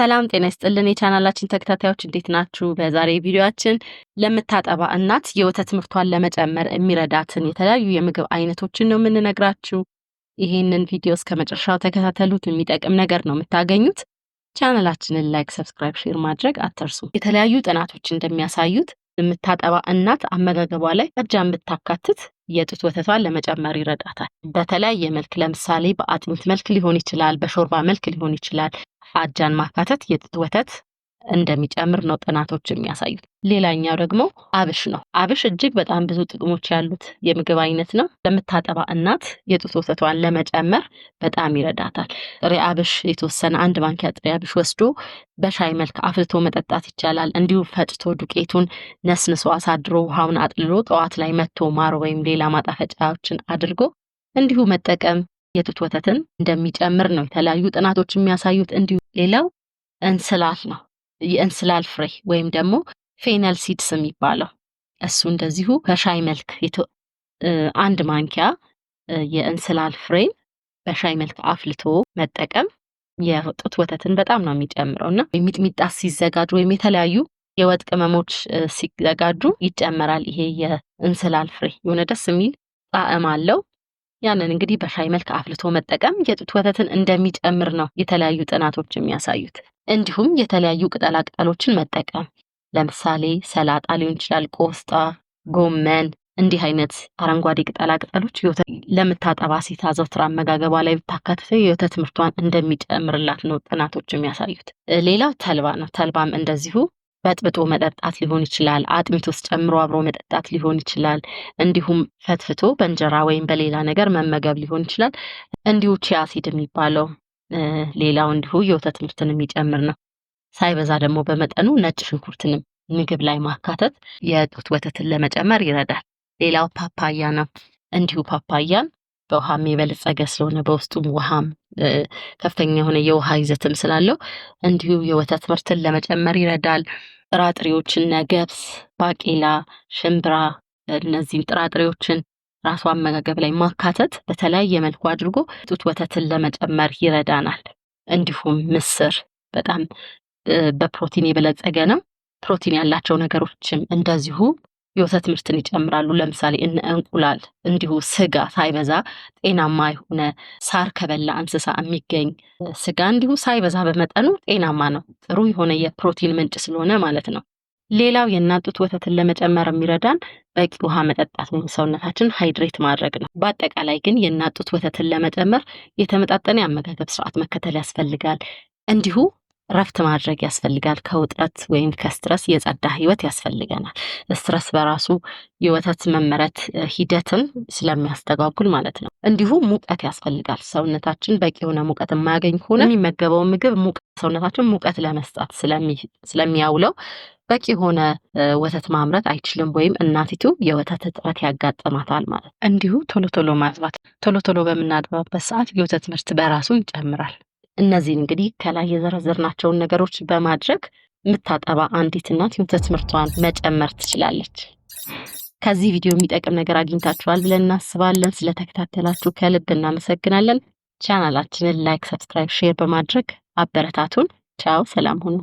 ሰላም ጤና ይስጥልን የቻናላችን ተከታታዮች እንዴት ናችሁ? በዛሬ ቪዲዮአችን ለምታጠባ እናት የወተት ምርቷን ለመጨመር የሚረዳትን የተለያዩ የምግብ አይነቶችን ነው የምንነግራችሁ። ይህንን ቪዲዮ እስከ መጨረሻው ተከታተሉት፣ የሚጠቅም ነገር ነው የምታገኙት። ቻናላችንን ላይክ፣ ሰብስክራይብ፣ ሼር ማድረግ አትርሱ። የተለያዩ ጥናቶች እንደሚያሳዩት የምታጠባ እናት አመጋገቧ ላይ እርጃ የምታካትት የጡት ወተቷን ለመጨመር ይረዳታል። በተለያየ መልክ ለምሳሌ በአጥሚት መልክ ሊሆን ይችላል፣ በሾርባ መልክ ሊሆን ይችላል፣ አጃን ማካተት የጥጥ ወተት እንደሚጨምር ነው ጥናቶች የሚያሳዩት። ሌላኛው ደግሞ አብሽ ነው። አብሽ እጅግ በጣም ብዙ ጥቅሞች ያሉት የምግብ አይነት ነው። ለምታጠባ እናት የጡት ወተቷን ለመጨመር በጣም ይረዳታል። ጥሬ አብሽ የተወሰነ አንድ ማንኪያ ጥሬ አብሽ ወስዶ በሻይ መልክ አፍልቶ መጠጣት ይቻላል። እንዲሁም ፈጭቶ ዱቄቱን ነስንሶ አሳድሮ ውሃውን አጥልሎ ጠዋት ላይ መቶ ማር ወይም ሌላ ማጣፈጫዎችን አድርጎ እንዲሁ መጠቀም የጡት ወተትን እንደሚጨምር ነው የተለያዩ ጥናቶች የሚያሳዩት። እንዲሁ ሌላው እንስላል ነው። የእንስላል ፍሬ ወይም ደግሞ ፌነል ሲድስ የሚባለው እሱ እንደዚሁ በሻይ መልክ አንድ ማንኪያ የእንስላል ፍሬን በሻይ መልክ አፍልቶ መጠቀም የጡት ወተትን በጣም ነው የሚጨምረው እና ሚጥሚጣ ሲዘጋጅ ወይም የተለያዩ የወጥ ቅመሞች ሲዘጋጁ ይጨመራል። ይሄ የእንስላል ፍሬ የሆነ ደስ የሚል ጣዕም አለው። ያንን እንግዲህ በሻይ መልክ አፍልቶ መጠቀም የጡት ወተትን እንደሚጨምር ነው የተለያዩ ጥናቶች የሚያሳዩት። እንዲሁም የተለያዩ ቅጠላ ቅጠሎችን መጠቀም ለምሳሌ ሰላጣ ሊሆን ይችላል፣ ቆስጣ፣ ጎመን እንዲህ አይነት አረንጓዴ ቅጠላ ቅጠሎች ለምታጠባ ሴት አዘውትራ አመጋገቧ ላይ ብታካትተው የወተት ምርቷን እንደሚጨምርላት ነው ጥናቶች የሚያሳዩት። ሌላው ተልባ ነው። ተልባም እንደዚሁ በጥብጦ መጠጣት ሊሆን ይችላል። አጥሚት ውስጥ ጨምሮ አብሮ መጠጣት ሊሆን ይችላል። እንዲሁም ፈትፍቶ በእንጀራ ወይም በሌላ ነገር መመገብ ሊሆን ይችላል። እንዲሁ ቺያ ሲድ የሚባለው ሌላው እንዲሁ የወተት ምርትን የሚጨምር ነው። ሳይበዛ ደግሞ በመጠኑ ነጭ ሽንኩርትንም ምግብ ላይ ማካተት የጡት ወተትን ለመጨመር ይረዳል። ሌላው ፓፓያ ነው። እንዲሁ ፓፓያን በውሃም የበለጸገ ስለሆነ በውስጡም ውሃም ከፍተኛ የሆነ የውሃ ይዘትም ስላለው እንዲሁ የወተት ምርትን ለመጨመር ይረዳል። ጥራጥሬዎችን ነገብስ ገብስ፣ ባቄላ፣ ሽምብራ እነዚህን ጥራጥሬዎችን ራሱ አመጋገብ ላይ ማካተት በተለያየ መልኩ አድርጎ ጡት ወተትን ለመጨመር ይረዳናል። እንዲሁም ምስር በጣም በፕሮቲን የበለጸገ ነው። ፕሮቲን ያላቸው ነገሮችም እንደዚሁ የወተት ምርትን ይጨምራሉ። ለምሳሌ እነ እንቁላል እንዲሁ ስጋ ሳይበዛ ጤናማ የሆነ ሳር ከበላ እንስሳ የሚገኝ ስጋ እንዲሁ ሳይበዛ በመጠኑ ጤናማ ነው። ጥሩ የሆነ የፕሮቲን ምንጭ ስለሆነ ማለት ነው። ሌላው የእናት ጡት ወተትን ለመጨመር የሚረዳን በቂ ውሃ መጠጣት ወይም ሰውነታችን ሃይድሬት ማድረግ ነው። በአጠቃላይ ግን የእናት ጡት ወተትን ለመጨመር የተመጣጠነ የአመጋገብ ስርዓት መከተል ያስፈልጋል። እንዲሁ እረፍት ማድረግ ያስፈልጋል። ከውጥረት ወይም ከስትረስ የጸዳ ህይወት ያስፈልገናል። ስትረስ በራሱ የወተት መመረት ሂደትን ስለሚያስተጓጉል ማለት ነው። እንዲሁም ሙቀት ያስፈልጋል። ሰውነታችን በቂ የሆነ ሙቀት የማያገኝ ከሆነ የሚመገበው ምግብ ሰውነታችን ሙቀት ለመስጣት ስለሚያውለው በቂ የሆነ ወተት ማምረት አይችልም፣ ወይም እናቲቱ የወተት እጥረት ያጋጥማታል ማለት። እንዲሁ ቶሎ ቶሎ ማጥባት፣ ቶሎ ቶሎ በምናጥባበት ሰዓት የወተት ምርት በራሱ ይጨምራል። እነዚህን እንግዲህ ከላይ የዘረዘርናቸውን ነገሮች በማድረግ የምታጠባ አንዲት እናት የወተት ምርቷን መጨመር ትችላለች። ከዚህ ቪዲዮ የሚጠቅም ነገር አግኝታችኋል ብለን እናስባለን። ስለተከታተላችሁ ከልብ እናመሰግናለን። ቻናላችንን ላይክ፣ ሰብስክራይብ፣ ሼር በማድረግ አበረታቱን። ቻው፣ ሰላም ሁኑ።